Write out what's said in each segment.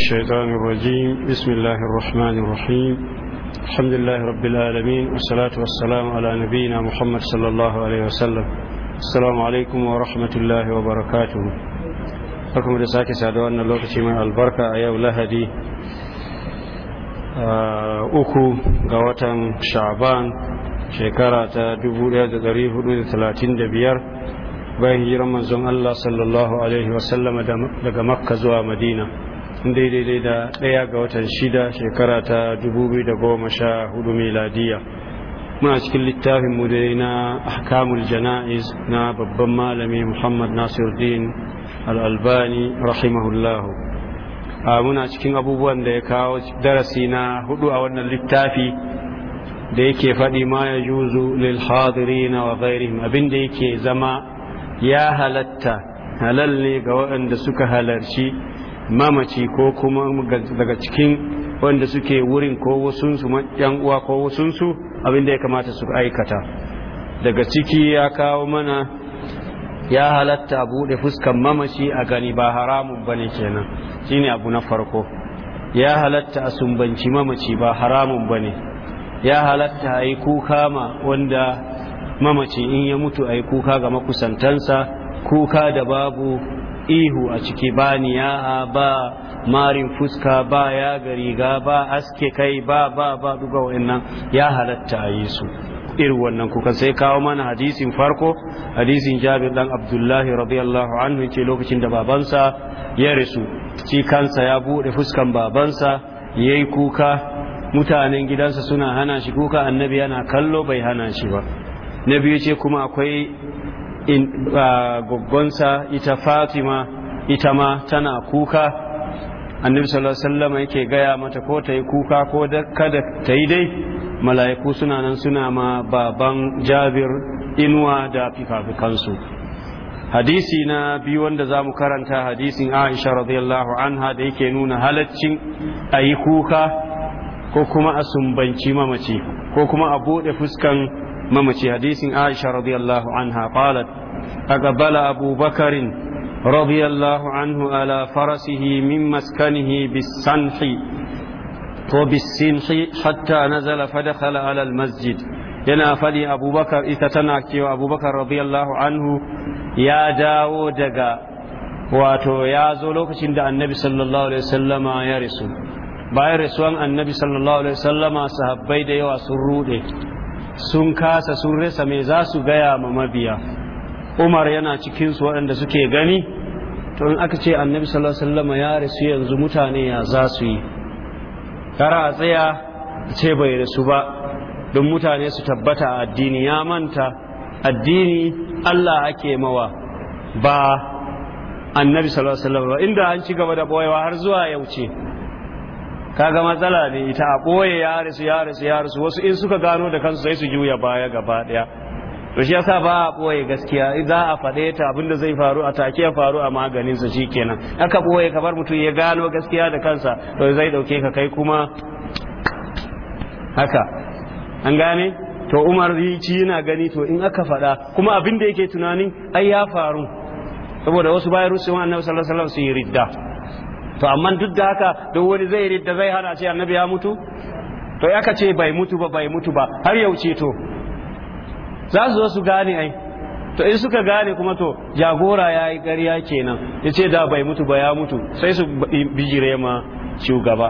الشيطان الرجيم بسم الله الرحمن الرحيم الحمد لله رب العالمين والصلاة والسلام على نبينا محمد صلى الله عليه وسلم السلام عليكم ورحمة الله وبركاته أكم رساك سعدوا أن اللوكة من البركة أيو لهدي أكو قوة شعبان شكرة دبولة دريه ثلاثين دبير bayan hijiran manzon Allah sallallahu alaihi wasallama daga Makka zuwa Madina daidai da ɗaya ga watan shida shekara ta dubu da sha goma hudu miladiya muna cikin littafin mu dai na ahkamul jana'iz na babban malami muhammad nasiruddin al'albani rahimahullahu muna cikin abubuwan da ya kawo darasi na hudu a wannan littafi da yake faɗi ma ya juzu lil hadirina wa ghairihim abin da yake zama ya halatta halal ne ga waɗanda suka halarci mamaci ko kuma daga cikin wanda suke wurin ko wasunsu yan uwa ko wasunsu abinda ya kamata su aikata daga ciki ya kawo mana ya halatta a buɗe fuskan mamaci a gani ba haramun ba ne kenan shine abu na farko ya halatta a sumbanci mamaci ba haramun ba ne ya halatta a yi kuka ma wanda mamaci in ya mutu a yi kuka ga makusantansa kuka da babu ihu a ciki ba a ba marin fuska ba ya gariga ba aske kai ba ba ba duka wa'annan ya halatta a yi su irin wannan kuka sai kawo mana hadisin farko hadisin jabir dan abdullahi radiyallahu anhu ce lokacin da babansa ya rasu ci kansa ya buɗe fuskan babansa yayi kuka mutanen gidansa suna hana shi kuka annabi yana kallo bai hana shi ba na biyu ce kuma akwai goggonsa ita fatima ita ma tana kuka annabi sallallahu alaihi wasallam yake gaya mata ko tayi kuka ko kada tayi dai mala'iku suna nan suna ma baban jabir inuwa da fikafikansu hadisi na biyu wanda za mu karanta hadisin aisha radiyallahu anha da yake nuna halaccin a yi kuka ko kuma a sumbanci mamaci ko kuma a buɗe fuskan mamaci hadisin aisha radiyallahu anha qalat أقبل أبو بكر رضي الله عنه على فرسه من مسكنه بالسنح وبالسنح حتى نزل فدخل على المسجد yana fadi abubakar ita tana cewa abubakar radiyallahu anhu ya dawo daga wato ya zo lokacin da annabi sallallahu alaihi wasallama ya rasu bayan rasuwan annabi sallallahu alaihi wasallama sahabbai da yawa sun rude sun kasa sun resa me za su gaya ma mabiya umar yana cikin su waɗanda suke gani to in aka ce annabi sallallahu alaihi wasallam ya rasu yanzu mutane ya za su yi kara a tsaya ce bai rasu ba don mutane su tabbata a addini ya manta addini Allah ake mawa ba annabi sallallahu alaihi wasallam inda an ci gaba da boyewa har zuwa yauce kaga matsala ne ita a boye ya rasu ya rasu ya rasu wasu in suka gano da kansu sai su juya baya gaba daya to shi yasa ba a ɓoye gaskiya za a faɗe ta abinda zai faru a take ya faru a maganin sa shikenan aka ɓoye kamar mutum ya gano gaskiya da kansa to zai ɗauke ka kai kuma haka an gane to umar ci yana gani to in aka faɗa kuma abin da yake tunanin ai ya faru saboda wasu bayan rusewa annabi sallallahu alaihi wasallam su yi ridda to amma duk da haka duk wani zai ridda zai hana ce annabi ya mutu to aka ce bai mutu ba bai mutu ba har yauce to za su zo su gane ai to in suka gane kuma to jagora ya yi ƙarya kenan ya ce da bai mutu ba ya mutu sai su bijire ma shugaba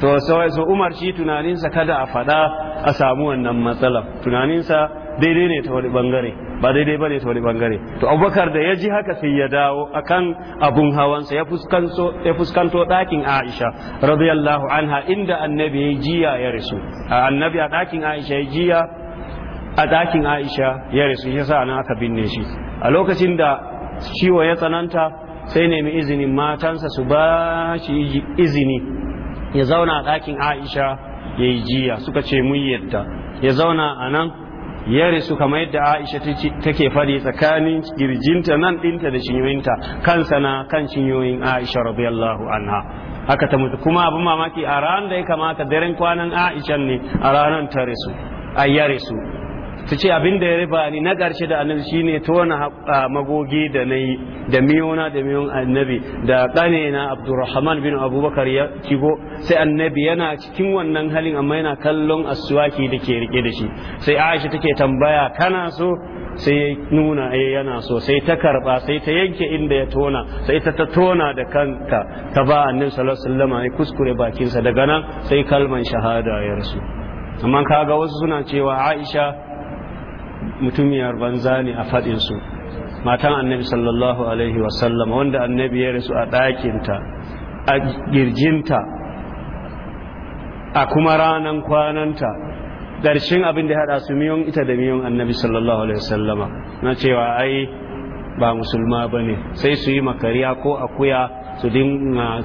to sai su umar shi tunaninsa kada a faɗa a samu wannan matsala tunaninsa daidai ne ta wani bangare ba daidai ba ne ta wani bangare to abubakar da ya ji haka sai ya dawo akan abun hawansa ya fuskanto ya fuskanto ɗakin aisha radiyallahu anha inda annabi ya jiya ya rasu annabi a ɗakin aisha ya jiya a dakin aisha ya rasu ya sa nan aka binne shi a lokacin da ciwo ya tsananta sai nemi izinin matansa su ba shi izini ya zauna a ɗakin aisha ya yi jiya suka ce mun yadda ya zauna a nan ya rasu kamar yadda aisha take faɗi tsakanin girjinta nan ɗinta da shinyoyinta kansa na kan shinyoyin aisha radiyallahu anha haka ta mutu kuma abin mamaki a ranar da ya kamata daren kwanan aisha ne a ranar ta rasu a ya ta ce abin da ya riba ni na ƙarshe da annabi ne tona magogi da na yi da miyona da miyon annabi da ƙane na abdurrahman bin abubakar ya kigo sai annabi yana cikin wannan halin amma yana kallon aswaki da ke rike da shi sai aisha take tambaya kana so sai ya nuna eh, yana so sai ta karba sai ta yanke inda ya tona sai ta tona da kanta ta ba annabi sallallahu alaihi wasallam ya kuskure bakinsa daga nan sai kalman shahada ya rasu amma kaga wasu suna cewa aisha mutumiyar banza ne a faɗinsu matan annabi sallallahu alaihi wasallam wanda annabi ya rasu a ɗakinta a girjinta a kuma ranan kwananta ƙarshen abin da ya haɗa su miyon ita da miyon annabi sallallahu alaihi wasallama na cewa ai ba musulma ba ne sai su yi makariya ko akuya su dinga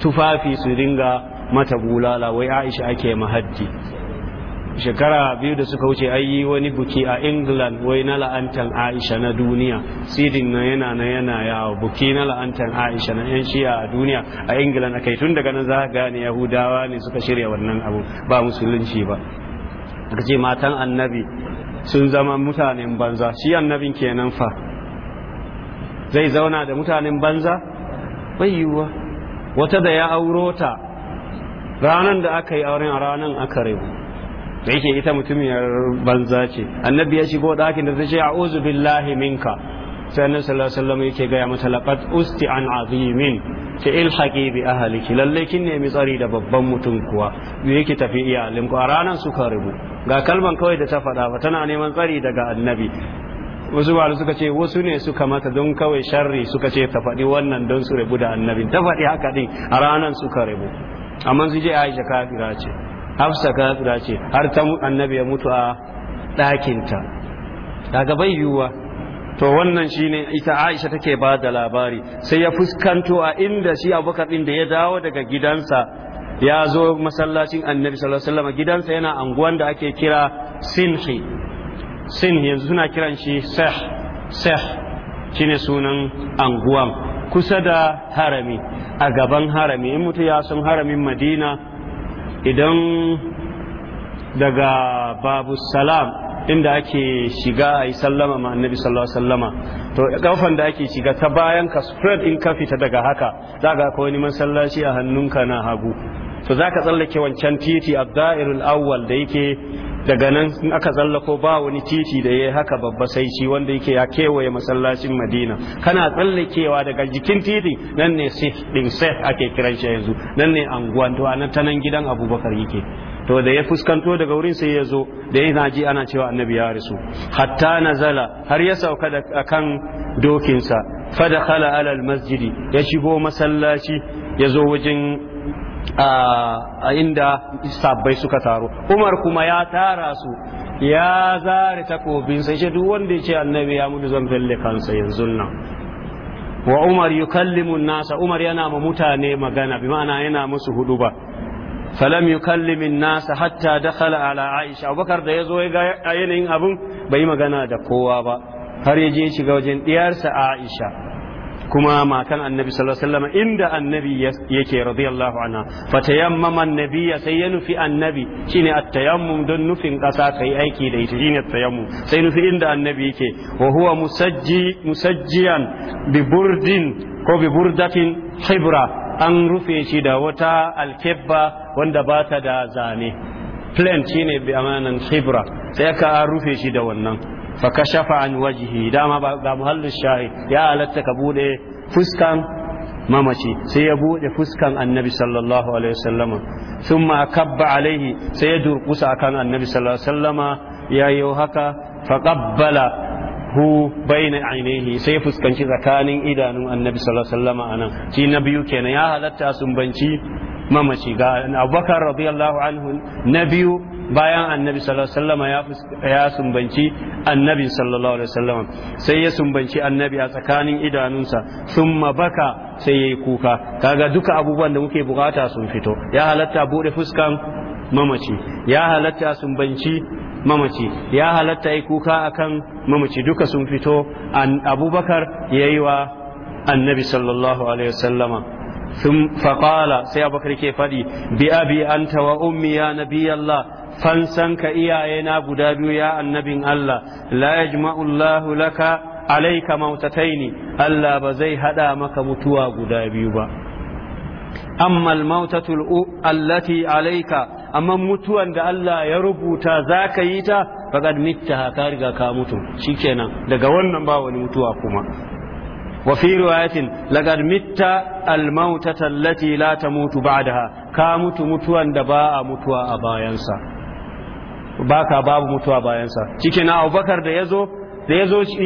tufafi su dinga mata bulala wai aisha ake mahaddi shekara biyu da suka wuce ayi wani buki a england wai na la'antan aisha na duniya sidin na yana na yana yawo buki na la'antan aisha na yan shiya a duniya a england kai tun daga nan za ka gane yahudawa ne suka shirya wannan abu ba musulunci ba ka ce matan annabi sun zama mutanen banza shi annabin kenan fa zai zauna da mutanen banza bai yiwuwa wata da ya aurota ranar da aka yi auren a ranar aka rebu da yake ita mutumiyar banza ce annabi ya shigo ɗakin da ta ce a'udhu billahi minka sai annabi sallallahu alaihi wasallam yake gaya mata laqad usti an azimin ki ilhaqi bi ahliki lalle kin nemi tsari da babban mutum kuwa me yake tafi iya a ranar suka rubu ga kalman kawai da ta faɗa ba tana neman tsari daga annabi wasu ba suka ce wasu ne suka mata don kawai sharri suka ce ta faɗi wannan don su rubu da annabi ta faɗi haka din a ranar suka rubu. amma su je aisha kafira ce hafsa su ce har ta annabi ya mutu a ɗakinta daga bai yiwuwa to wannan shine ita Aisha take ba da labari sai ya fuskanto a inda shi Abubakar din da ya dawo daga gidansa ya zo masallacin Annabi sallallahu alaihi wasallam gidansa yana anguwan da ake kira Sinhi Sinhi yanzu suna kiran shi se sah shine sunan anguwan kusa da harami a gaban harami in mutu ya san haramin Madina idan daga babu salam inda ake shiga a yi sallama ma annabi sallallahu alaihi wasallama to kafan da ake shiga ta bayan ka spread in ka fita daga haka za ka wani masallaci a hannunka na hagu to za ka tsallake wancan titi a da'irul awwal da yake daga nan aka tsallako ba wani titi da ya haka babba sai shi wanda yake ya kewaye masallacin madina kana tsallakewa daga jikin titi nan ne sif din sif ake kiran shi yanzu nan ne anguwan to anan ta nan gidan abubakar yake to da ya fuskanto daga wurin sai ya zo da yana ji ana cewa annabi ya rasu hatta nazala har ya sauka da akan dokinsa fa dakhala ala masjidi ya shigo masallaci ya zo wajen a inda sabbai suka taru umar kuma ya tara su ya zare takobin sai duk wanda ya ce annabi ya mutu zan fille kansa yanzu nan wa umar yukallimu nasa umar yana ma mutane magana bi ma'ana yana musu hudu ba falam yukallimu nasa hatta dakhala ala aisha abubakar da yazo ya ga yanayin abun bai magana da kowa ba har ya je shiga wajen diyarsa aisha kuma matan annabi sallallahu alaihi wasallam inda annabi yake radiyallahu anha fatayammama annabi sai ya nufi annabi shine at-tayammum don nufin kasa kai aiki da ita shine tayammum sai nufi inda annabi yake wa huwa musajji musajjiyan bi burdin ko bi burdatin hibra an rufe shi da wata alkebba wanda ba ta da zane plant shine bi amanan hibra sai aka rufe shi da wannan fa shafa an wajihi dama ga muhallin shahid ya halatta ka bude fuskan mamaci sai ya bude fuskan annabi sallallahu alaihi wasallama thumma kabba alaihi sai ya durkusa akan annabi sallallahu alaihi wasallama ya yi haka fa qabbala hu bayna ainihi sai fuskanci tsakanin idanun annabi sallallahu alaihi wasallama anan shi na biyu kenan ya halatta banci mamaci ga abubakar radiyallahu anhu na biyu bayan annabi sallallahu alaihi wasallam ya sumbanci annabi sallallahu alaihi wasallam sai ya sumbanci annabi a tsakanin idanunsa summa baka sai yayi kuka kaga duka abubuwan da muke bukata sun fito ya halatta bude fuskan mamaci ya halatta sumbanci mamaci ya halatta yi kuka akan mamaci duka sun fito abubakar ya yi wa annabi sallallahu alaihi wasallama sun faƙala sai abubakar ke faɗi bi abi anta wa ummi ya nabi Allah fansan ka iyaye na guda biyu ya annabin Allah la yajma'u Allah laka alaika mautataini Allah ba zai hada maka mutuwa guda biyu ba amma mautatul allati alaika amma mutuwan da Allah ya rubuta zaka yi ta faqad mitta ka riga ka mutu shikenan daga wannan ba wani mutuwa kuma وفي رواية لقد مت الموتة التي لا تموت بعدها كامت متوا دباء متوا أبا ينسى باكا باب متوا أبا ينسى تيكنا أو بكر ديزو ديزو يقاء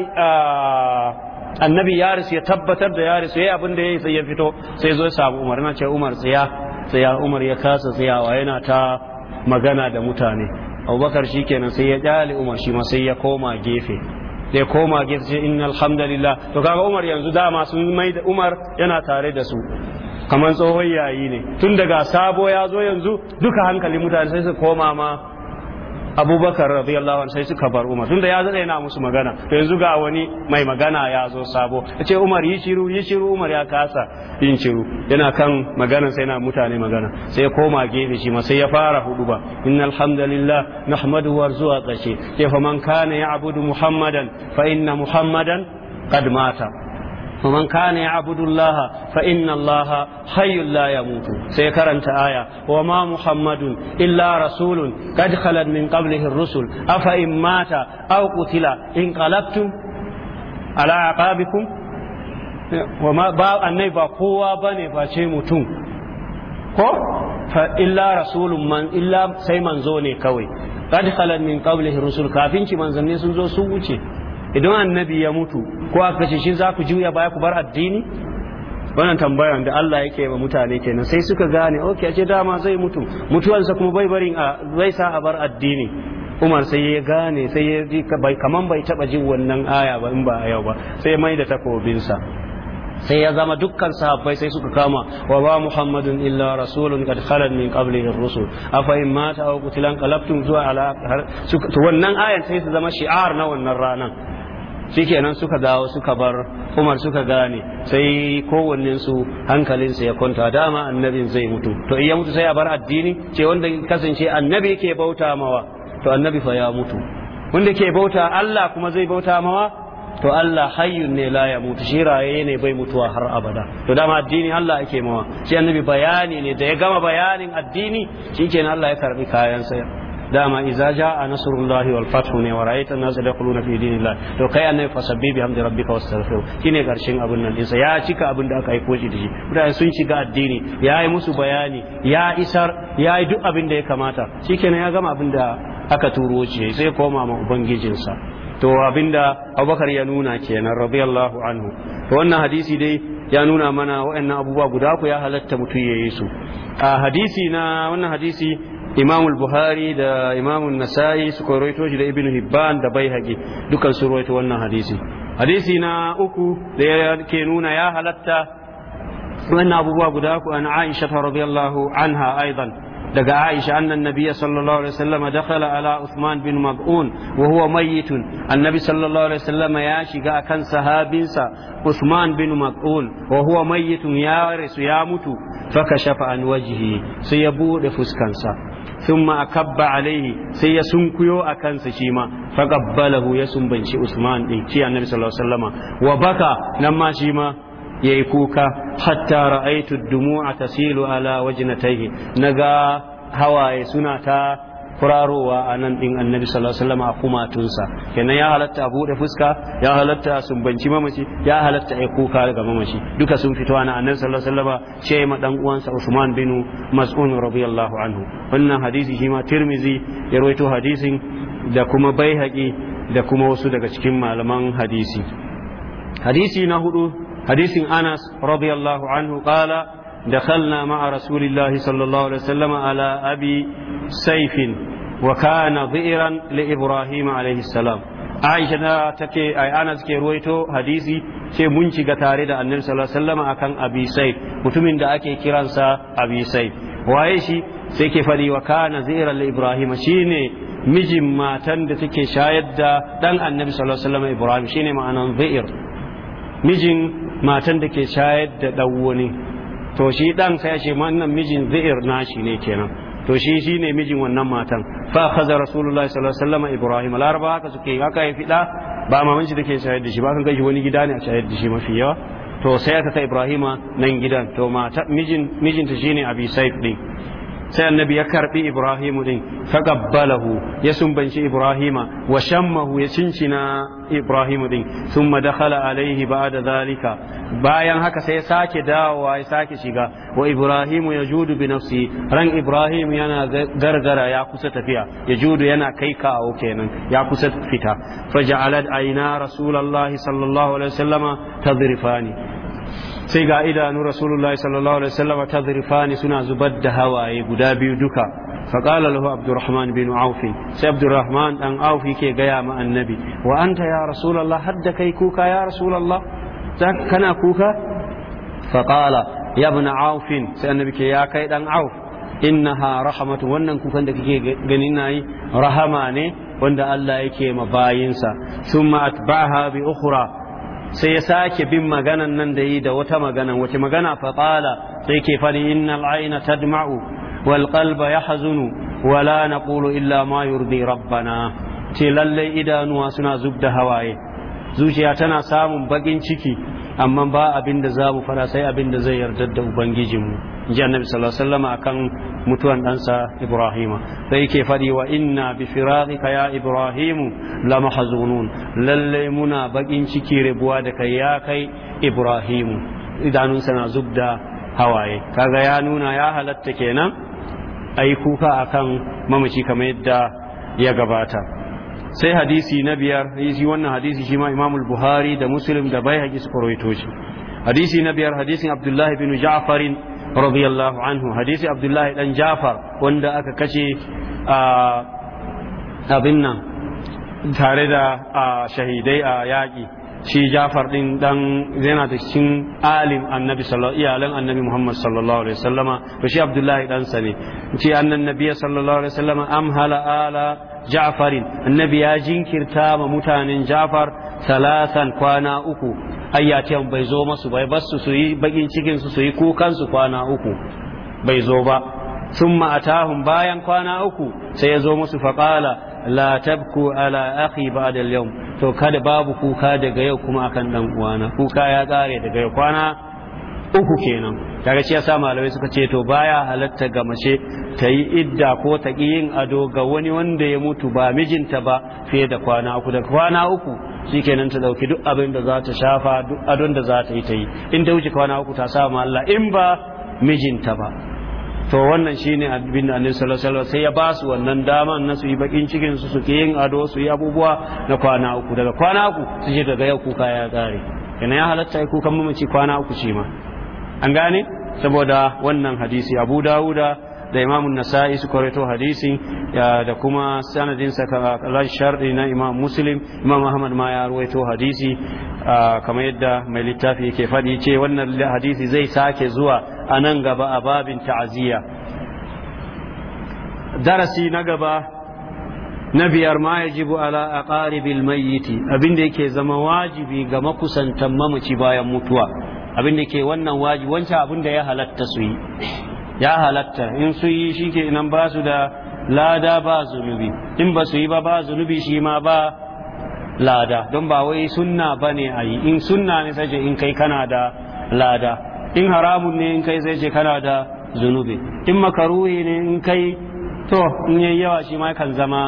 يزو يقا annabi ya tabbatar da yaris ya abin da ya yi sai ya fito sai zo ya samu umar na ce umar tsaya tsaya umar ya kasa tsayawa yana ta magana da mutane abubakar shi kenan sai ya kyale umar shi ma sai ya koma gefe da ya koma gefe ce inna alhamdulillah to kaga Umar yanzu dama sun mai da Umar yana tare da su kamar tsohon yayi ne tun daga sabo ya zo yanzu duka hankali mutane sai su koma ma abubakar radiyallahu anhu sai suka bar umar tunda ya zada yana musu magana to yanzu ga wani mai magana ya zo sabo ya ce umar yi shiru yi shiru umar ya kasa yin shiru yana kan magana sai na mutane magana sai ya koma gefe shi ma sai ya fara hudu ba innal hamdalillah nahmadu wa zuwa kace ke fa man kana abudu muhammadan fa inna muhammadan qad mata ومن كان يعبد الله فإن الله حي لا يموت سيكرنت آية وما محمد إلا رسول قد خلت من قبله الرسل أفإن مات أو قتل انقلبتم على عقابكم وما با أني با قوة بني فاشي متون ko fa illa rasulun man illa sai manzo ne kawai qad khalan min qablihi rusul kafin ci manzanni sun zo sun wuce idan annabi ya mutu ko a kashe shi za ku juya baya ku bar addini wannan tambayan da Allah yake ba mutane kenan sai suka gane okay ce dama zai mutu mutuwansa kuma bai barin a zai sa a bar addini Umar sai ya gane sai ya ji kaman bai taba jin wannan aya ba in ba a yau ba sai mai da sa sai ya zama dukkan sahabbai sai suka kama wa ba muhammadun illa rasulun kad khalan min qabli ar-rusul afa in mata aw qutilan qalabtum zuwa ala wannan ayan sai su zama shi'ar na wannan ranan shikenan suka dawo suka bar umar suka gane sai kowannensu su hankalinsa ya kwanta dama annabin zai mutu to in mutu sai a bar addini ce wanda kasance annabi ke bauta mawa to annabi fa ya mutu wanda ke bauta Allah kuma zai bauta mawa to Allah hayyun ne la ya mutu shi raye ne bai mutuwa har abada to dama addini Allah ake mawa shi annabi bayani ne da ya gama bayanin addini shikenan Allah ya karbi kayan sa dama iza jaa nasrullahi wal fathu ne wa ra'aita an-nas yadkhuluna fi dinillah to kai annabi fasabbi bi hamdi rabbika wastaghfir kine garshin abun nan sa ya cika abin da aka aiko koji da shi mutane sun shiga addini ya yi musu bayani ya isar ya yi duk abin da ya kamata shikenan ya gama abin da aka turo shi sai koma ma ubangijinsa to abinda abubakar ya nuna kenan radiyallahu anhu to wannan hadisi dai ya nuna mana wa'annan abubuwa guda ku ya halatta mutum ya yi su a hadisi na wannan hadisi Imamul buhari da imam nasa'i suka rawaito shi da ibnu hibban da baihaqi dukan su rawaito wannan hadisi hadisi na uku da yake nuna ya halatta wannan abubuwa guda ku an aisha radiyallahu anha aidan daga aisha annan nabiyya sallallahu alaihi wasallam dakhala ala usman bin mab'un wa huwa annabi sallallahu alaihi wasallam ya shiga akan sahabinsa usman bin mab'un wa huwa mayyitun ya rasu ya mutu fakashafa an wajhi sai ya bude fuskansa thumma akabba alaihi sai ya sunkuyo a kansa shima ma faqabbalahu ya sumbanci Usman din shi annabi sallallahu alaihi wasallama wa baka nan ma shi ma yayi kuka hatta ra'aitu ad-dumu'a tasilu ala na ga hawaye suna ta kurarowa a nan ɗin annabi sallallahu alaihi wasallam a kumatunsa kenan ya halatta a buɗe fuska ya halatta a sumbanci mamaci ya halatta a kuka ga mamaci duka sun fito ana annabi sallallahu alaihi wasallam ce ma dan uwansa Usman bin Mas'ud radiyallahu anhu wannan hadisi shi ma Tirmizi ya rawaito hadisin da kuma Baihaqi da kuma wasu daga cikin malaman hadisi hadisi na hudu hadisin Anas radiyallahu anhu qala دخلنا مع رسول الله صلى الله عليه وسلم على أبي سيف وكان ظئرا لإبراهيم عليه السلام عائشة تكي أي أنا تكي رويتو حديثي ce mun shiga tare da annabi sallallahu alaihi wasallam akan abi mutumin da ake kiransa abisai. sai waye shi sai ke fadi wa kana zira li shine mijin matan da take shayar da dan annabi sallallahu alaihi wasallam ibrahim shine ma'anan zir mijin matan da ke shayar da dan to shi dan sai ce ce wannan mijin na nashi ne kenan to shi shi mijin wannan matan fa khaza rasulullahi sallallahu alaihi wasallam ibrahim laraba haka suke haka ya fida ba maman shi take shayar da shi ba kan kai wani gida ne a shayar shi mafi yawa to sai aka ta ibrahima nan gidan to mata mijin mijinta shine abi saif din sai annabi ya karbi ibrahimu din faqabbalahu ya sumbanci ibrahima wa shammahu ya cincina ibrahimu din thumma dakhala alaihi ba'da zalika bayan haka sai ya sake dawowa ya sake shiga wa ibrahimu yajudu bi nafsi ran ibrahim yana gargara ya kusa tafiya yajudu yana kai kawo kenan ya kusa fita faja'alat aina rasulullahi sallallahu alaihi wasallama tadrifani sai ga idanu rasulullahi sallallahu alaihi wasallam ta zurfani suna zubar da hawaye guda biyu duka faqala lahu abdurrahman bin auf sai abdurrahman dan auf yake gaya ma annabi wa anta ya rasulullah hadda kai kuka ya rasulullah kana kuka faqala ya ibn auf sai annabi ke ya kai dan auf innaha rahmatu wannan kukan da kake ganin nayi rahama ne wanda Allah yake ma bayinsa thumma atba'aha bi ukhra sai ya sake bin maganan nan da yi da wata magana wace magana faƙala sai ke fari innal aina tadma'u wal qalba yahzunu wala naqulu illa ma yurdi rabbana ce lallai idanuwa suna zub da hawaye zuciya tana samun bakin ciki amma ba abin da za mu fara sai abin da zai yarda da ubangijinmu ji annabi sallallahu alaihi wasallam akan mutuwan ɗansa ibrahima sai yake fadi wa inna bi firaghika ya ibrahimu la mahzunun lalle muna bakin ciki rabuwa da kai ya kai ibrahimu idanunsa na zubda hawaye kaga ya nuna ya halatta kenan ai kuka akan mamaci kamar yadda ya gabata sai hadisi na biyar shi wannan hadisi shi ma imamul buhari da muslim da bai haƙi su rawaito shi hadisi na biyar hadisin abdullahi bin ja'farin radiyallahu anhu hadisi abdullahi dan ja'far wanda aka kashe a abin nan tare da shahidai a yaƙi shi jafar din dan yana da cikin alim annabi iyalan annabi muhammad sallallahu alaihi wasallama to shi abdullahi dan Sani ce annan nabiya sallallahu alaihi wasallama amhala ala ja'farin annabi ya jinkirta ma mutanen ja'far salasan kwana uku ayyaciyan bai zo masu bai su yi bakin cikin su su yi kukan su kwana uku bai zo ba sun ma'atahun bayan kwana uku sai ya zo musu faƙala la tabku ala akhi ba'da yawm to kada babu kuka daga yau kuma akan dan uwana kuka ya kare daga yau kwana uku kenan daga shi yasa malamai suka ce to baya halatta ga mace ta yi idda ko ta yin ado ga wani wanda ya mutu ba mijinta ba fiye da kwana uku da kwana uku shikenan ta dauki duk abin da za ta shafa duk adon da za ta yi ta yi in ta wuce kwana uku ta samu Allah in ba mijinta ba to wannan shine abin da annabi sallallahu alaihi sai ya ba su wannan dama na su yi bakin cikin su su ke yin ado su yi abubuwa na kwana uku daga kwana uku su je daga yau kuka ya kare kenan ya halatta ya kukan mamaci kwana uku ce ma an gane saboda wannan hadisi abu dawuda da imam nasa'i su hadisi da kuma sanadinsa kalar sharɗi na imam muslim imam ahmad ma ya ruwaito hadisi kamar yadda mai littafi yake faɗi ce wannan hadisi zai sake zuwa a nan gaba a babin ta'aziyya darasi na gaba na biyar ma ya jibu ala a ƙaribil mayyiti abinda yake zama wajibi ga makusantan mamaci bayan mutuwa abin da ke wannan waji wancan abin da ya halatta su yi ya halatta in su yi shi ke nan ba su da lada ba zunubi in ba su yi ba ba zunubi shi ma ba lada don ba wai sunna ba ne a yi in sunna ne sai ce in kai kana da lada in haramun ne in kai sai ce kana da zunubi in makaruhi ne in kai to in yayi yawa shi ma kan zama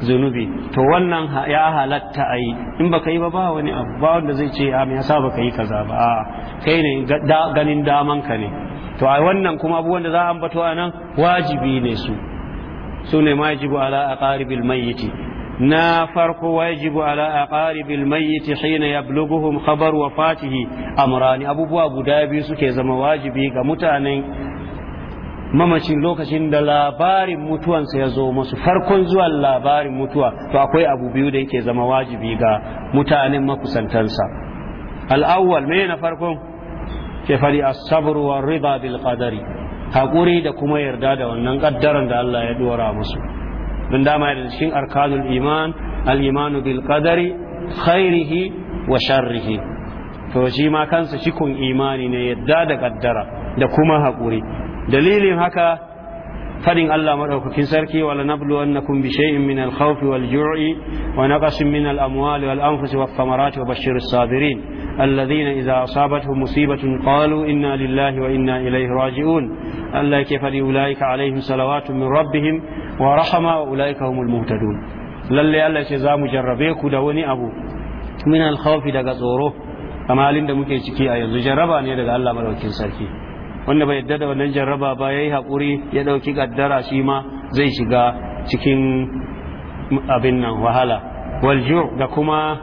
zunubi to wannan ya halatta a yi in baka yi ba ba wani abu ba wanda zai ce a ah, me yasa baka yi kaza ba a kai ne ganin daman ka ne to a wannan kuma abu wanda za a ambato a nan wajibi ne su su ne majibu ala aqaribil mayyiti na farko wajibu ala aqaribil mayyiti hina yablughuhum khabar wafatihi amrani abubuwa guda biyu suke zama wajibi ga mutanen mamacin lokacin da labarin mutuwansa ya zo masu farkon zuwan labarin mutuwa to akwai abu biyu da yake zama wajibi ga mutanen makusantansa al'awwal me na farkon ke fari as-sabr wa rida bil qadari hakuri da kuma yarda da wannan kaddaran da Allah ya dora musu don dama da cikin arkanul iman al-iman bil qadari khairihi wa sharrihi to shi ma kansa shikun imani ne yadda da kaddara da kuma hakuri dalilin haka fadin Allah madaukakin sarki wala nabluwannakum bi shay'in min al-khawf wal-ju'i wa naqsin min al-amwal wal-anfus wath-thamarati wa bashshir as-sabirin alladhina idha asabatuhum musibatun qalu inna lillahi wa inna ilayhi raji'un Allah ke fadi ulaika alaihim salawatun min rabbihim wa rahama wa ulaika humul muhtadun lalle Allah ce za mu jarrabe ku da wani abu min al-khawf daga tsoro kamalin da muke ciki a yanzu jarraba ne daga Allah madaukakin sarki wanda bai yadda da wannan jarraba ba ya yi haƙuri ya ɗauki ƙaddara shi ma zai shiga cikin abin nan wahala Waljo da kuma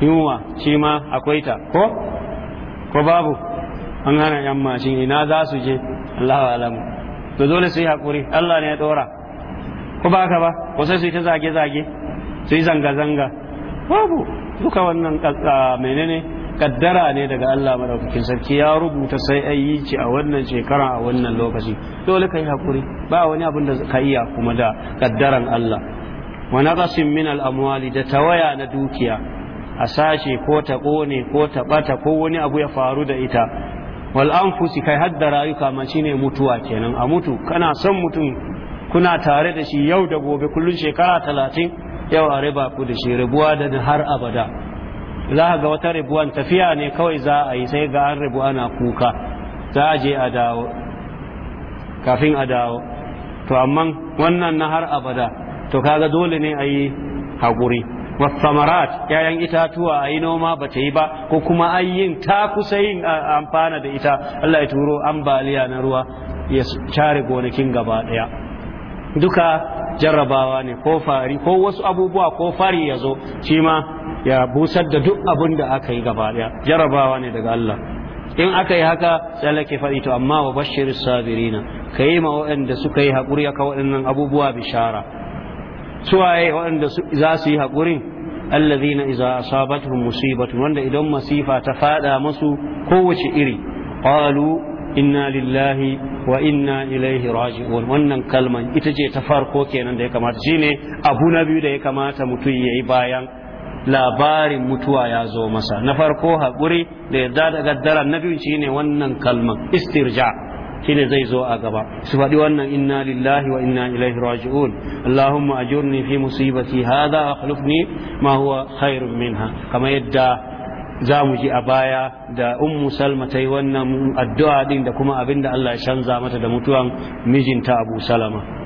yunwa shi ma akwai ta ko ko babu an hana yan mashin ina za su je Allahu alamu to dole su yi haƙuri Allah ne ya ɗora ko ba haka ba ko sai su yi ta zage-zage su yi zanga-zanga babu duka wannan menene kaddara ne daga Allah madaukakin sarki ya rubuta sai ayi yi ci a wannan shekara a wannan lokaci dole ka yi hakuri ba wani abin da ka iya kuma da kaddaran Allah wa naqasin min al-amwali da tawaya na dukiya a sashe ko ta kone ko ta bata ko wani abu ya faru da ita wal anfusi kai hadda rayuka ma shine mutuwa kenan a mutu kana son mutum kuna tare da shi yau da gobe kullun shekara talatin yau a riba ku da shi rubuwa da har abada za ga wata ribuwan tafiya ne kawai za a yi sai ga an ribu ana kuka za a je a dawo kafin a dawo to amma wannan na har abada to kaga dole ne a yi haƙuri wasamarat yayan itatuwa a yi noma ba ta yi ba ko kuma an yin ta kusa yin amfana da ita Allah ya turo ambaliya na ruwa ya share gonakin gaba ɗaya duka jarrabawa ne ko fari ko wasu abubuwa ko fari ya zo shi ma ya busar da duk abin da aka yi gaba daya jarabawa ne daga Allah in aka yi haka tsallake faɗi to amma wa bashir sabirina ka yi ma waɗanda suka yi haƙuri aka waɗannan abubuwa bishara suwaye waɗanda za su yi haƙurin allazina iza asabatuhum musibatu wanda idan masifa ta faɗa musu kowace iri qalu inna lillahi wa inna ilaihi raji'un wannan kalman ita ce ta farko kenan da ya kamata shine abu na biyu da ya kamata mutum yayi bayan labarin mutuwa ya zo masa na farko haƙuri da yadda da gaddara na biyu shine wannan kalman istirja shine zai zo a gaba su faɗi wannan inna lillahi wa inna ilaihi raji'un allahumma ajurni fi musibati hadha wa akhlifni ma huwa khairun minha kamar yadda za mu ji a baya da ummu salma ta yi wannan addu'a din da kuma abin da Allah ya canza mata da mutuwan mijinta abu salama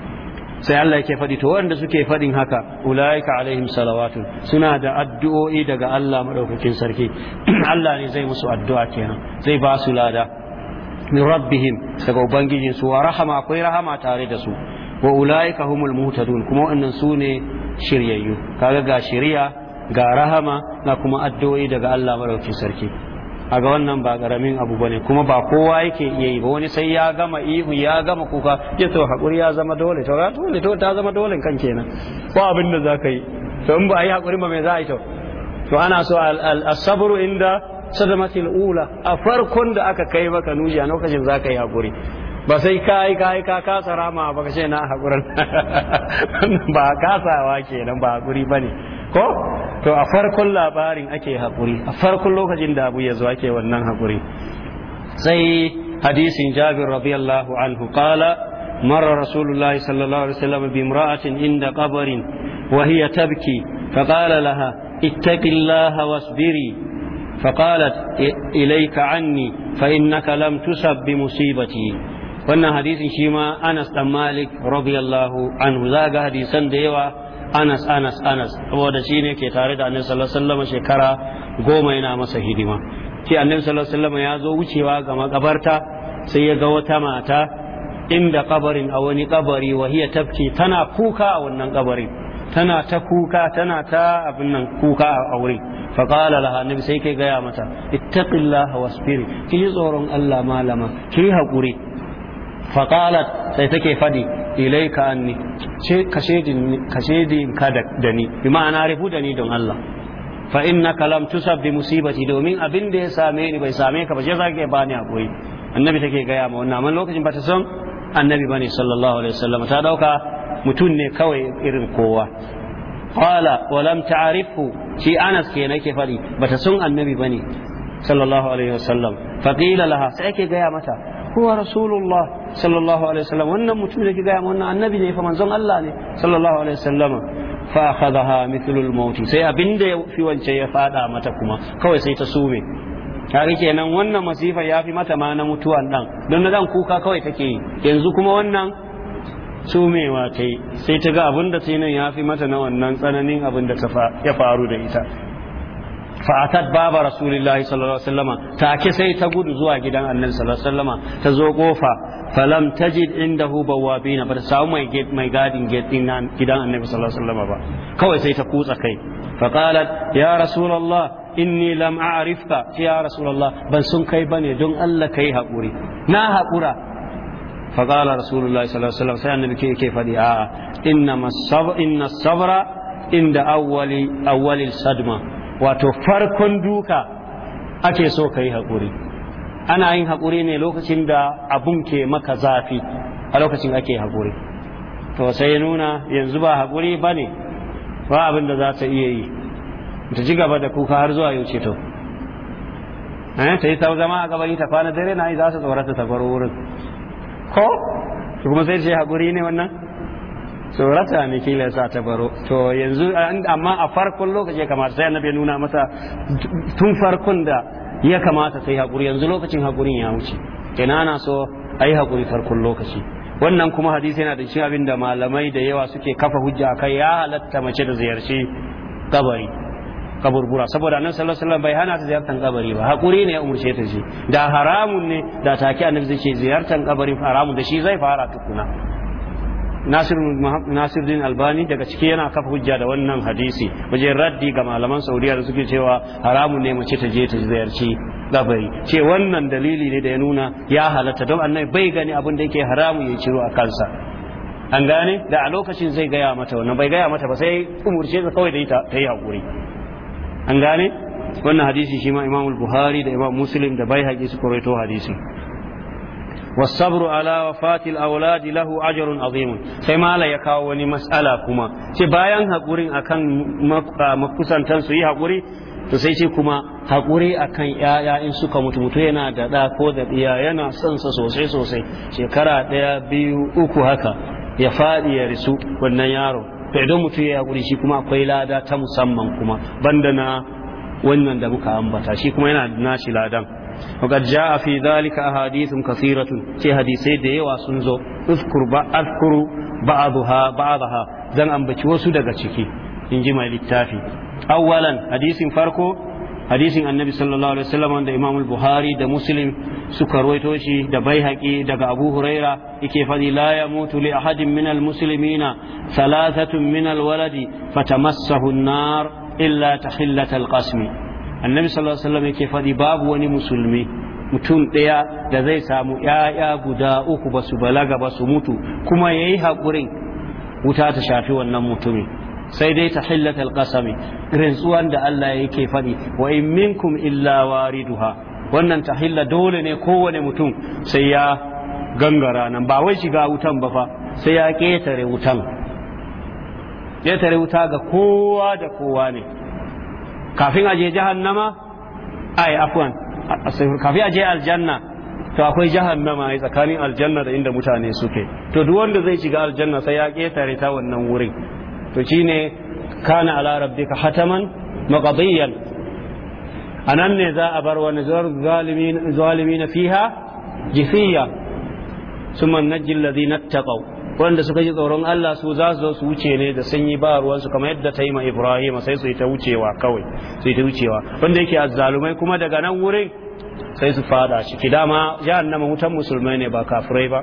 sai Allah yake faɗi to wanda suke faɗin haka ulaika alaihim salawatu suna da addu'o'i daga Allah madaukakin sarki Allah ne zai musu addu'a kenan zai ba su lada min rabbihim daga ubangijin su wa rahama akwai rahama tare da su wa ulaika humul muhtadun kuma waɗannan su ne shiryayyu kaga ga shiriya ga rahama na kuma addu'o'i daga Allah madaukakin sarki a ga wannan ba karamin abu bane kuma ba kowa yake iya yi ba wani sai ya gama ihu ya gama kuka ya to hakuri ya zama dole to ga dole to ta zama dole kan kenan ba abin da zaka yi to in ba yi hakuri ba me za a yi to to ana so as-sabru inda sadamatil ula a farkon da aka kai maka nuji a lokacin zaka yi hakuri ba sai ka kai ka ka kasa rama ba ka ce na hakurin ba kasawa kenan ba hakuri bane ko to a farkon labarin ake haƙuri a farkon lokacin da abu ya zo ake wannan haƙuri sai hadisin jabir radiyallahu anhu qala مر رسول الله صلى الله عليه وسلم بامرأة عند قبر وهي تبكي فقال لها wannan hadisin shi ma Anas dan Malik radiyallahu anhu zaga hadisan da yawa anas anas anas saboda shi ne ke tare da annabi sallallahu alaihi wasallam shekara goma yana masa hidima ce annabi sallallahu alaihi ya zo wucewa ga makabarta sai ya ga wata mata inda kabarin a wani kabari wa hiya tabki tana kuka a wannan kabarin tana ta kuka tana ta abin nan kuka a wurin fa qala laha annabi sai kai gaya mata ittaqillah wasbir ki yi tsoron Allah malama ki hakuri fa qalat sai take fadi ilaika anni kashedin ka da ni bi ma'ana rubu da ni don Allah fa innaka lam tusab bi musibati domin abin da ya same ni bai same ka ba shi zaka ba ni akwai annabi take gaya ma wannan amma lokacin ba ta son annabi bane sallallahu alaihi wasallam ta dauka mutum ne kawai irin kowa qala wa lam ta'rifu shi Anas ke nake ba bata san annabi bane sallallahu alaihi wasallam fa qila laha sai ake gaya mata huwa rasulullah sallallahu alaihi wasallam wannan mutum da ke gaya wannan annabi ne fa manzon Allah ne sallallahu alaihi wasallam fa akhadha mithlul maut sai abinda fi wance ya fada mata kuma kawai sai ta sume kare kenan wannan masifa ya fi mata ma na mutuwan dan don na dan kuka kawai take yi yanzu kuma wannan sumewa ta yi sai ta ga abinda sai nan ya fi mata na wannan tsananin abin da ya faru da ita fa'atat baba rasulillahi sallallahu alaihi wasallama ke sai ta gudu zuwa gidan annabi sallallahu alaihi wasallama ta zo kofa falam tajid indahu bawabina ba ta samu mai gate mai gadin gate din gidan annabi sallallahu alaihi wasallama ba kawai sai ta kutsa kai fa qalat ya rasulullah inni lam a'rifka ya rasulullah ban sun kai bane don Allah kai hakuri na hakura fa qala rasulullahi sallallahu alaihi wasallam sai annabi ke ke fadi a'a inna as-sabr inna as-sabra inda awwali awwalil sadma wato farkon duka ake so ka yi haƙuri ana yin haƙuri ne lokacin da abun ke maka zafi a lokacin ake haƙuri to sai nuna yanzu ba haƙuri ba ne ba abin da za ta iya yi ta ji gaba da kuka har zuwa yau ce to eh, ta yi zama a gabani ta kwana dare na yi za su tsorata ta bar wurin ko kuma sai ce haƙuri ne wannan tsorata ne kila sa ta baro to yanzu amma a farkon lokaci ya kamata sai annabi nuna masa tun farkon da ya kamata sai hakuri yanzu lokacin hakurin ya wuce kenan ana so ayi hakuri farkon lokaci wannan kuma hadisi yana da cikin abin malamai da yawa suke kafa hujja kai ya halatta mace da ziyarci kabari kaburbura saboda annabi sallallahu alaihi wasallam bai hana ta ziyartar kabari ba hakuri ne ya umurce ta shi da haramun ne da take annabi zai ce ziyartar kabari haramun da shi zai fara tukuna Nasiruddin Albani daga ciki yana kafa hujja da wannan hadisi wajen raddi ga malaman Saudiya da suke cewa haramun ne mace ta je ta ziyarci kabari ce wannan dalili ne da ya nuna ya halatta don annabi bai gani abin da yake haramu ya ciro a kansa an gane da a lokacin zai gaya mata wannan bai gaya mata ba sai umurce ta kawai da ita ta yi hakuri an gane wannan hadisi shi ma Imam Buhari da Imam Muslim da Baihaqi su rawaito hadisi والصبر على وفاة الأولاد له أجر عظيم سيما لا يكاوني مسألة كما سيبايان هقورين أكان مكسان تنسوي هقوري to hakuri ce kuma haƙuri a kan ‘ya'ya in suka mutu mutu yana da ɗa ko da ɗiya yana son sa sosai sosai shekara ɗaya biyu uku haka ya faɗi ya risu wannan yaro to idan mutu ya hakuri shi kuma akwai lada ta musamman kuma banda na wannan da muka ambata shi kuma yana nashi ladan وقد جاء في ذلك أحاديث كثيرة في حديثي دي واسنزو اذكر أذكر بعضها بعضها زن أنبتي وسودك تشكي إن جمع للتافي أولا حديث فرقو حديث النبي صلى الله عليه وسلم عند إمام البخاري ده مسلم سكرويتو شي ده بيهقي ده أبو هريرة يكفي لا يموت لأحد من المسلمين ثلاثة من الولد فتمسه النار إلا تحلة القسم annabi sallallahu alaihi wasallam yake faɗi babu wani musulmi mutum ɗaya da zai samu ‘ya'ya guda uku ba su balaga ba su mutu kuma yayi yi haƙurin wuta ta shafi wannan mutumin sai dai ta hillata alƙasami rantsuwan da Allah yake faɗi wa in minkum illa wariduha wannan ta hilla dole ne kowane mutum sai ya gangara nan ba wai shiga wutan ba fa sai ya ƙetare wutan ƙetare wuta ga kowa da kowa ne kafin a je jahannama ai afwan kafin a je aljanna to akwai jahannama ai tsakanin aljanna da inda mutane suke to duk wanda zai shiga aljanna sai ya ketare ta wannan wurin to shine kana ala rabbika hataman maqdiyan anan ne za a bar wani zalimin zalimin fiha jisiya na ننجي الذين اتقوا wanda suka ji tsoron Allah su za su zo su wuce ne da sanyi ba ruwansu kamar yadda ta yi ma Ibrahim sai su yi ta wucewa kawai su yi ta wucewa wanda yake azzalumai kuma daga nan wurin sai su fada ciki dama jahannama wutan musulmai ne ba kafirai ba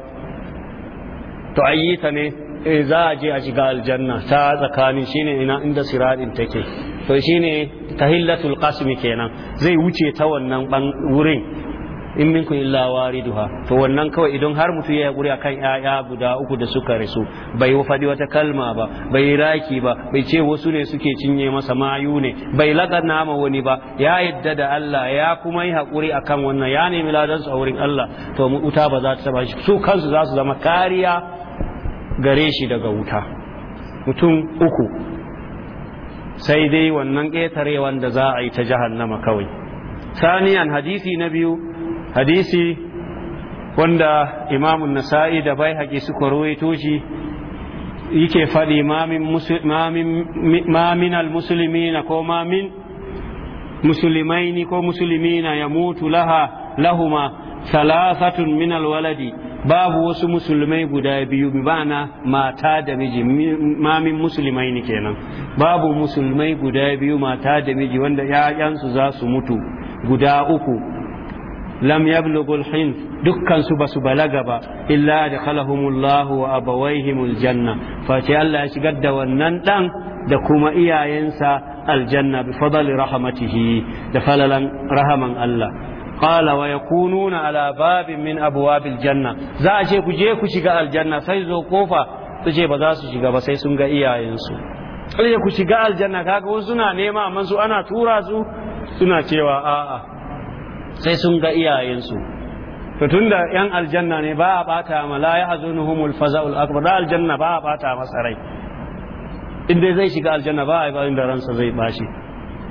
to ayi ta ne eh, za a je a shiga aljanna ta tsakanin shine ina inda siradin take to shine tahillatul qasmi kenan zai wuce ta wannan wurin in minkum illa wariduha to wannan kawai idan har mutum ya hakuri akan yaya guda uku da suka rasu bai faɗi wata kalma ba bai raki ba bai ce wasu ne suke cinye masa mayu ne bai lagana nama wani ba ya yadda da Allah ya kuma yi hakuri akan wannan ya nemi ladan su a wurin Allah to mu wuta ba za ta taba shi su kansu za su zama kariya gare shi daga wuta mutum uku sai dai wannan ƙetarewan da za a yi ta jahannama kawai saniyan hadisi na biyu hadisi wanda imamun nasa'i da bai haƙi suka rawaito shi yake faɗi mamin al-musulmina ko mamin musulmaini ko musulmina ya mutu laha lahuma salasatun min alwaladi babu wasu musulmai guda biyu bi bana mata da miji mamin musulmaini kenan babu musulmai guda biyu mata da miji wanda 'ya'yansu za su mutu guda uku lam yablughul hin dukkan su basu balaga ba illa dakhalahumullahu wa abawaihimul janna fa Allah ya shigar da wannan dan da kuma iyayensa aljanna bi fadli da falalan rahaman Allah qala wa yakununa ala babin min abwabil janna za'a ce ku je ku shiga aljanna sai zo kofa su ce ba su shiga ba sai sun ga iyayensu sai ku shiga aljanna kaga wasu suna nema amma su ana tura su suna cewa a'a sai sun ga iyayensu to tunda yan aljanna ne ba a bata ma la yahzunuhumul faza'ul akbar da aljanna ba a bata masa rai in zai shiga aljanna ba a yi da ransa zai bashi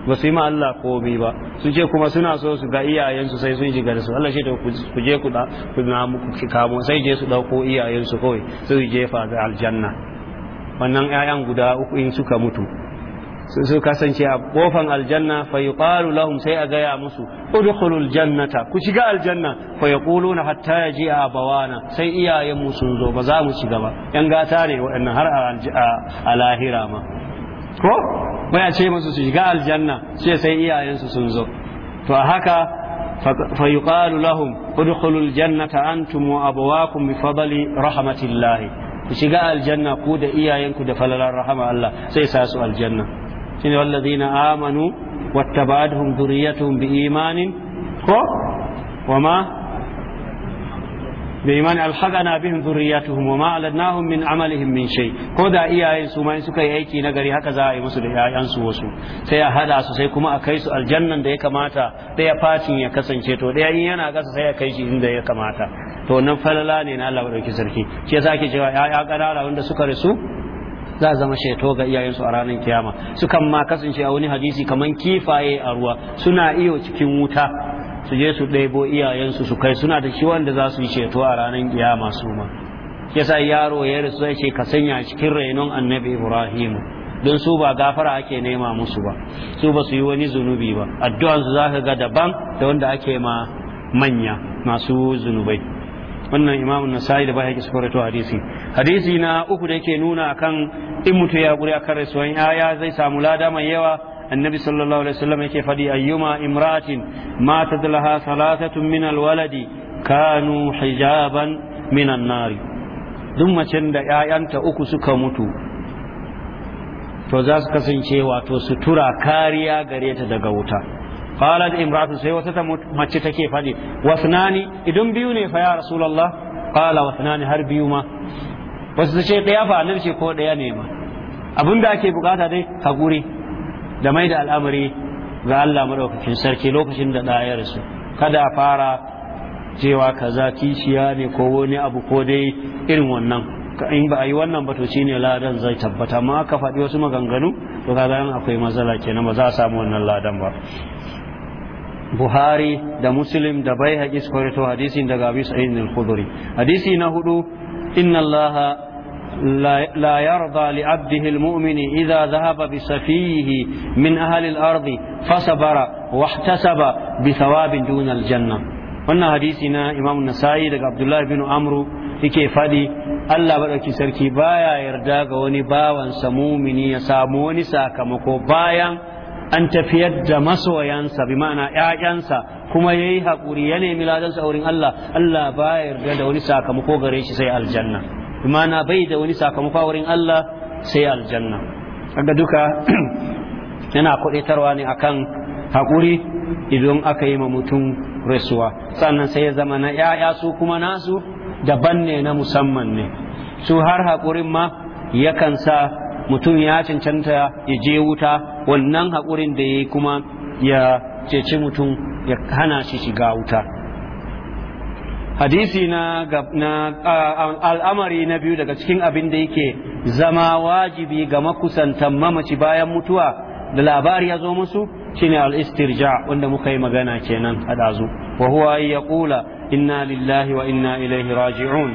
ba su yi ma Allah komai ba su ce kuma suna so su ga iyayensu sai sun shiga da su Allah shi ta ku je ku na muku kamo sai je su dauko iyayensu kawai sai su jefa ga aljanna wannan 'ya'yan guda uku in suka mutu su kasance a kofan aljanna fa yuqalu lahum sai a gaya musu udkhulul jannata ku shiga aljanna fa yaquluna hatta yaji abawana sai iyayen mu sun zo ba za mu shiga ba yan gata ne waɗannan har a lahira ma ko bai ce musu su shiga aljanna sai sai iyayen su sun zo to a haka fa yuqalu lahum udkhulul jannata antum wa abawakum bi fadli rahmatillahi ku shiga aljanna ku da iyayenku da falalar rahama Allah sai sa su aljanna sine wallahina amanu wattabaatuhum duriyatuhum bi imanin ko wama bi imani alhaqana bihim duriyatuhum wama aladnahum min amalihim min shay ko da iyaye su ma in suka yi aiki na gari haka za a yi musu da 'ya'yansu wasu sai a haɗa su sai kuma a kai su aljannan da ya kamata ɗaya fatin ya kasance to ɗaya in yana gasa sai a kai shi inda ya kamata to nan falala ne na Allah dauki sarki shi yasa ki cewa 'ya'ya ƙanana wanda suka rasu za a zama shaito ga iyayensu a ranar kiyama sukan ma kasance a wani hadisi kamar kifaye a ruwa suna iyo cikin wuta su je su ɗebo iyayensu su kai suna da shi wanda za su yi shaito a ranar kiyama su ma yasa yaro ya rasu ya ce ka sanya cikin rainon annabi ibrahim don su ba gafara ake nema musu ba su ba su yi wani zunubi ba addu'ansu za ka ga daban da wanda ake ma manya masu zunubai wannan imamun nasa'i da bai haƙi su hadisi hadisi na uku da yake nuna akan in mutu ya guri akan rasuwan yaya zai samu lada mai yawa annabi sallallahu alaihi wasallam yake fadi ayyuma imratin ma tadlaha thalathatun min alwaladi kanu hijaban min annari duk macen da ƴaƴanta uku suka mutu to za su kasance wato sutura kariya gare ta daga wuta qalat imratu sai wata ta mace take fadi wasnani idan biyu ne fa ya rasulullah qala wasnani har biyu ma ba su ce ɗaya fa ko ɗaya ne ba abin da ake bukata dai haƙuri da mai da al'amari ga Allah maɗaukakin sarki lokacin da ɗaya rasu kada a fara cewa kaza kishiya ne ko wani abu ko dai irin wannan in ba a yi wannan ba to ne ladan zai tabbata ma aka faɗi wasu maganganu to kaga yan akwai matsala kenan ba za a samu wannan ladan ba Buhari da Muslim da Baihaqi su rawaito hadisin daga Abi Sa'id al hadisi na hudu إن الله لا يرضى لعبده المؤمن إذا ذهب بسفيه من أهل الأرض فصبر واحتسب بثواب دون الجنة wannan hadisi na imam nasa'i daga abdullahi bin amru yake faɗi allah baɗauki sarki baya yarda ga wani bawansa mumini ya samu wani sakamako bayan an tafiyar da masoyansa bi ma'ana ƴaƴansa kuma yayi haƙuri ya nemi ladansa a wurin Allah Allah ba ya yarda da wani sakamako gare shi sai aljanna bi ma'ana bai da wani sakamako a wurin Allah sai aljanna kaga duka yana kuɗaitarwa ne akan haƙuri idan aka yi ma mutum rasuwa sannan sai ya zama na ƴaƴa su kuma nasu daban ne na musamman ne su har haƙurin ma yakan sa mutum ya cancanta ya je wuta wannan haƙurin da ya yi kuma ya ceci mutum ya hana shi shiga wuta hadisi na al'amari na biyu daga cikin abin da yake zama wajibi ga makusantan mamaci bayan mutuwa da labari ya zo musu shine al-istirja wanda muka yi magana kenan a ɗazu wa huwa ya ƙula inna lillahi wa inna ilaihi raji'un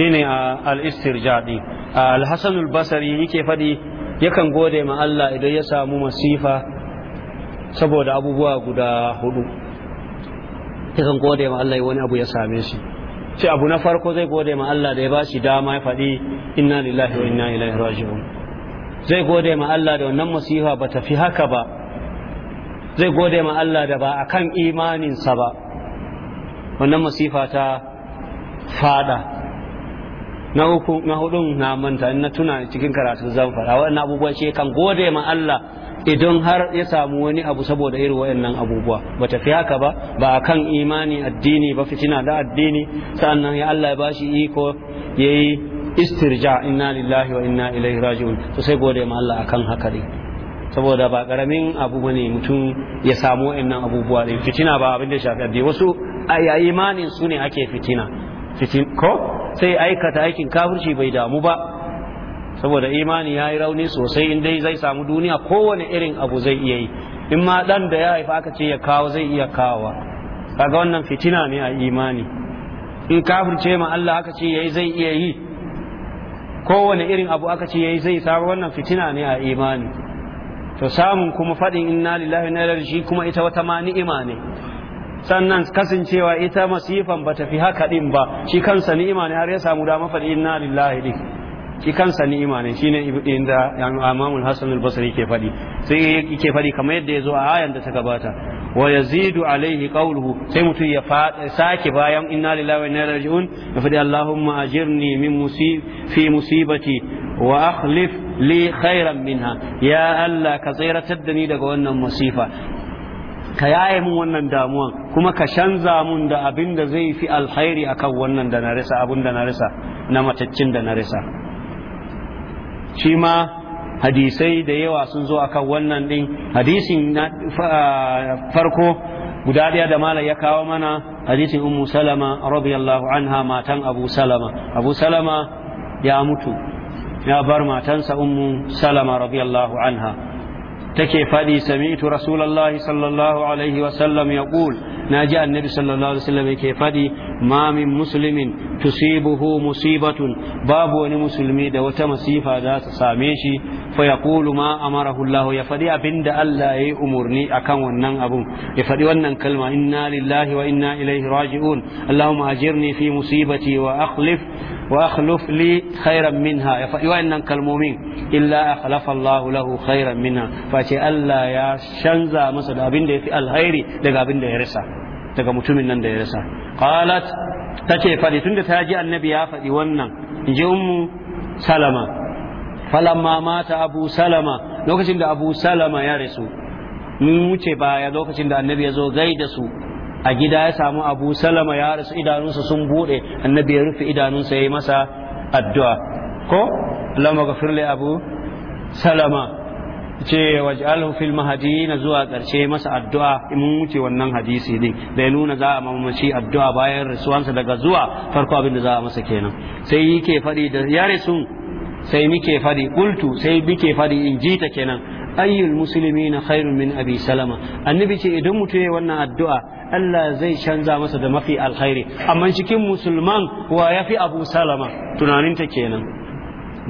shine al istirjadi al-hasan al-basri yake fadi yakan gode ma Allah idan ya samu masifa saboda abubuwa guda hudu yakan gode ma Allah wani abu ya same shi ce abu na farko zai gode ma Allah da ya bashi dama ya faɗi inna lillahi wa inna ilaihi raji'un zai gode ma Allah da wannan masifa ba ta fi haka ba zai gode ma Allah da ba akan imaninsa ba wannan masifa ta fada na uku na hudun na manta na tuna cikin karatu zan fara waɗannan abubuwa ce kan gode ma Allah idan har ya samu wani abu saboda irin wayannan abubuwa ba tafi haka ba ba kan imani addini ba fitina da addini sannan ya Allah ya bashi iko yayi istirja inna lillahi wa inna ilaihi raji'un to sai gode ma Allah akan haka ne saboda ba karamin abu bane mutum ya samu wayannan abubuwa din fitina ba abin da shafi addini wasu a imanin su ne ake fitina cikin ko sai aikata aikin kafirci bai damu ba saboda imani ya yi rauni sosai in dai zai samu duniya kowane irin abu zai iya yi in ma dan da ya haifa aka ce ya kawo zai iya kawo kaga wannan fitina ne a imani in kafirce ma Allah aka ce yayi zai iya yi kowane irin abu aka ce yayi zai samu wannan fitina ne a imani to samun kuma fadin inna lillahi wa inna ilaihi kuma ita wata ma ni'ima ne sannan kasancewa ita masifan ba fi haka ɗin ba shi kansa ni'ima ne har ya samu dama faɗi inna lillahi din shi kansa ni'ima ne shine inda Imam Hassan al-Basri ke faɗi sai yake faɗi kamar yadda ya zo a ayan da ta gabata wa yazidu alaihi qawluhu sai mutum ya sake bayan inna lillahi wa inna ilaihi raji'un ya faɗi Allahumma ajirni min musib fi musibati wa akhlif li khairan minha ya Allah ka tsiratar da ni daga wannan masifa ka yaye min wannan damuwan kuma ka canza mun da abin da zai fi alkhairi akan wannan da na risa abin da na risa na matacin da na risa shi ma hadisai da yawa sun zo akan wannan din hadisin farko guda ɗaya da malam ya kawo mana hadisin ummu salama radiyallahu anha matan abu salama abu salama ya mutu ya bar matansa ummu salama radiyallahu anha take faɗi sami'tu rasulullahi sallallahu alaihi wasallam ya ƙul na ji annabi sallallahu alaihi wasallam yake faɗi ma min muslimin tusibuhu musibatun babu wani musulmi da wata masifa za ta same shi fa ya yaqulu ma amarahu Allah ya faɗi abinda Allah yayi umurni akan wannan abun ya faɗi wannan kalma inna lillahi wa inna ilaihi raji'un Allahumma ajirni fi musibati wa akhlif wa akhlif li khairan minha ya faɗi wannan kalmomin illa akhlafa Allah lahu khairan minha fa ce Allah ya canza masa da abinda yafi alkhairi daga abinda ya rasa daga mutumin nan da ya rasa qalat tace fadi tunda ta ji annabi ya faɗi wannan in ji salama falamma mata abu salama lokacin da abu salama ya rasu mun wuce baya lokacin da annabi ya zo gaida su a gida ya samu abu salama ya rasu idanunsa sun bude annabi ya rufe idanunsa ya yi masa addu'a ko Allahumma ghafir li abu salama ce waj'alhu fil na zuwa karshe masa addu'a mun wuce wannan hadisi din da ya nuna za a mamaci addu'a bayan rasuwansa daga zuwa farko abin da za a masa kenan sai yake faɗi da ya rasu sai muke fadi qultu sai muke fadi in ji ta kenan ayyul muslimina khairun min abi salama annabi ce idan mutum ya wannan addu'a Allah zai canza masa da mafi alkhairi amma cikin musulman wa yafi abu salama tunanin ta kenan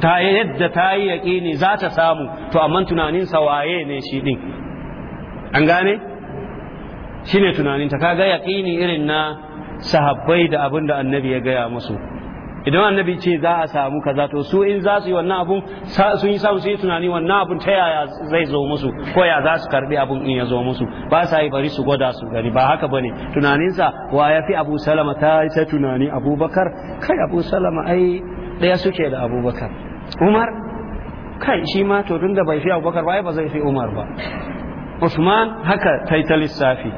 ta yadda ta yi yaƙini za ta samu to amma tunanin sa waye ne shi din an gane shine tunanin ta kaga yaƙini irin na sahabbai da abin da annabi ya gaya musu idan annabi ce za a samu kaza to su in za su yi wannan abun sun yi samu su yi tunani wannan abun ta yaya zai zo musu ko ya za su karbi abun in ya zo musu ba sa yi bari su gwada su gani ba haka bane tunaninsa wa ya fi abu salama ta yi ta tunani abubakar kai abu salama ai daya suke da abubakar umar kai shi ma to tun da bai fi abubakar ba ai ba zai fi umar ba usman haka ta yi ta lissafi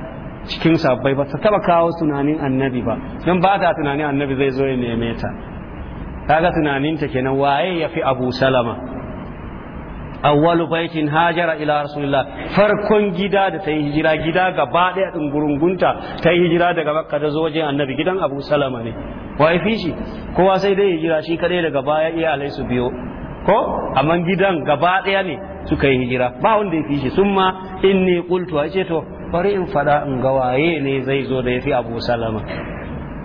cikin sabbai ba ta taba kawo tunanin annabi ba don ba ta tunanin annabi zai zo ya neme ta kaga tunaninta kenan waye ya fi abu salama awwalu baitin hajara ila rasulillah farkon gida da ta yi hijira gida gaba daya ɗungurungunta ta yi hijira daga makka ta zo wajen annabi gidan abu salama ne waye fi shi kowa sai dai hijira shi kaɗai daga baya iyalai su biyo ko amma gidan gaba daya ne suka yi hijira ba wanda ya fi shi sun ma in ne ce to bari in faɗa in ga waye ne zai zo da ya fi abu salama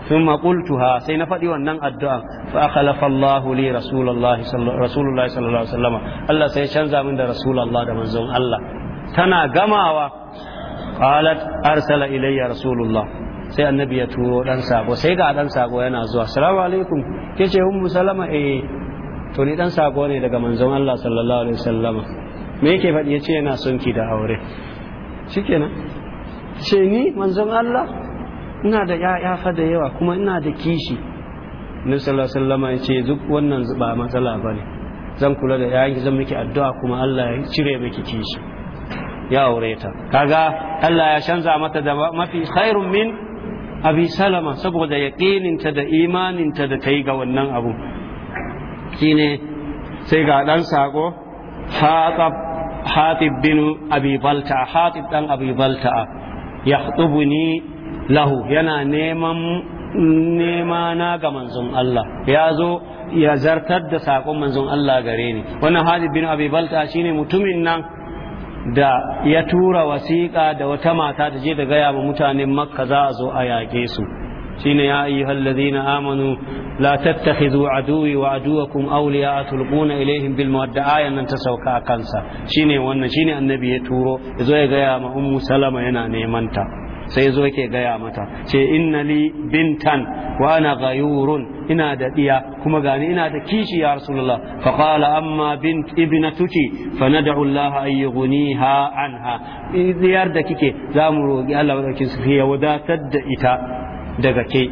ثم قلتها سينفدي wannan addu'a fa akhlafa Allah li rasulullahi rasulullahi sallallahu alaihi wasallam Allah sai canza min da rasulullah da manzon Allah tana gamawa qalat arsala ilayya rasulullah sai annabi ya turo dan sako sai ga dan sako yana zuwa assalamu alaikum kace ummu salama eh to ni dan sako ne daga manzon Allah sallallahu alaihi wasallam me yake faɗi yace yana son ki da aure shikenan ce ni manzon Allah ina da ya'ya fa da yawa kuma ina da kishi nabi sallallahu ya ce duk wannan ba matsala bane zan kula da ki zan miki addu'a kuma Allah ya cire miki kishi ya aure ta kaga Allah ya canza mata da mafi khairun min abi salama saboda ƙininta da imaninta da ta yi ga wannan abu shine sai ga ɗan sako hatab hatib bin abi balta hatib dan abi balta ni. lahu yana neman nema na ga manzon Allah ya zo ya zartar da sakon manzon Allah gare ni wannan hadith bin Abi Balta shine mutumin nan da ya tura wasiƙa da wata mata da je da gaya wa mutanen Makka za a zo a yaƙe su shine ya ayyuhal ladina amanu la tattakhidhu aduwi wa aduwakum awliya tulquna ilaihim bil mawadda ayan nan ta sauka a kansa shine wannan shine annabi ya turo ya zo ya gaya ma ummu salama yana neman ta sai zo yake gaya mata ce inna li bintan wa ana ghayurun ina da diya kuma gani ina da kishi ya rasulullah fa qala amma bint ibnatuki fa nad'u allah an yughniha anha idiyar da kike mu roki Allah madaukin su ya wadatar da ita daga ke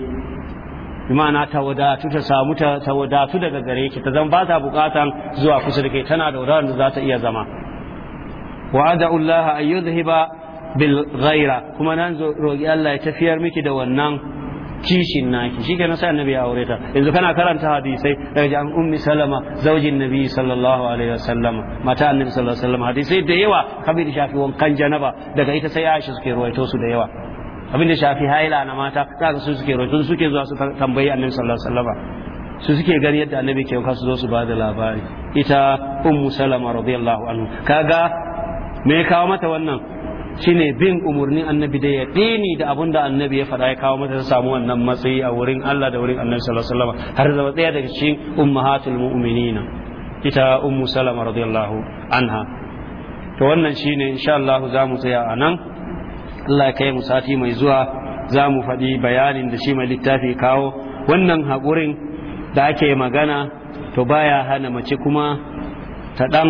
imana ta wadatu ta samu ta wadatu daga gare ki ta zan ba ta bukatan zuwa kusa da kai tana da wadatar da za ta iya zama wa ad'u allah an bil ghaira kuma nan roƙi Allah ya tafiyar miki da wannan kishin naki shikenan sai annabi ya aure ta yanzu kana karanta hadisai daga jan ummi salama zaujin nabi sallallahu alaihi wasallam mata annabi sallallahu alaihi wasallam hadisai da yawa kabir shafi wankan janaba daga ita sai Aisha suke ruwaito su da yawa abin da shafi haila na mata kaga su suke ruwaito suke zuwa su tambayi annabi sallallahu alaihi wasallam su suke gani yadda annabi ke kasu zo su bada labari ita ummu salama radiyallahu anhu kaga me ya kawo mata wannan shine bin umarnin annabi da ya dini da abunda annabi ya faɗa ya kawo mata ta samu wannan matsayi a wurin Allah da wurin annabi sallallahu alaihi wasallam har zama tsaya daga cikin ummahatul mu'minina ita ummu salama radiyallahu anha to wannan shine insha Allah za mu tsaya a nan Allah ya kai mu sati mai zuwa za mu faɗi bayanin da shi mai littafi kawo wannan haƙurin da ake magana to baya hana mace kuma ta ɗan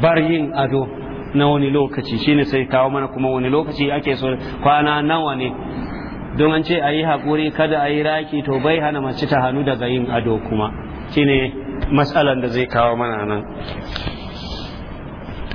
bar yin ado na wani lokaci shine sai kawo mana kuma wani lokaci ake so kwana nawa ne don an ce a yi haƙuri kada a yi raki to bai hana mace ta hannu daga yin ado kuma shine matsalan da zai kawo mana nan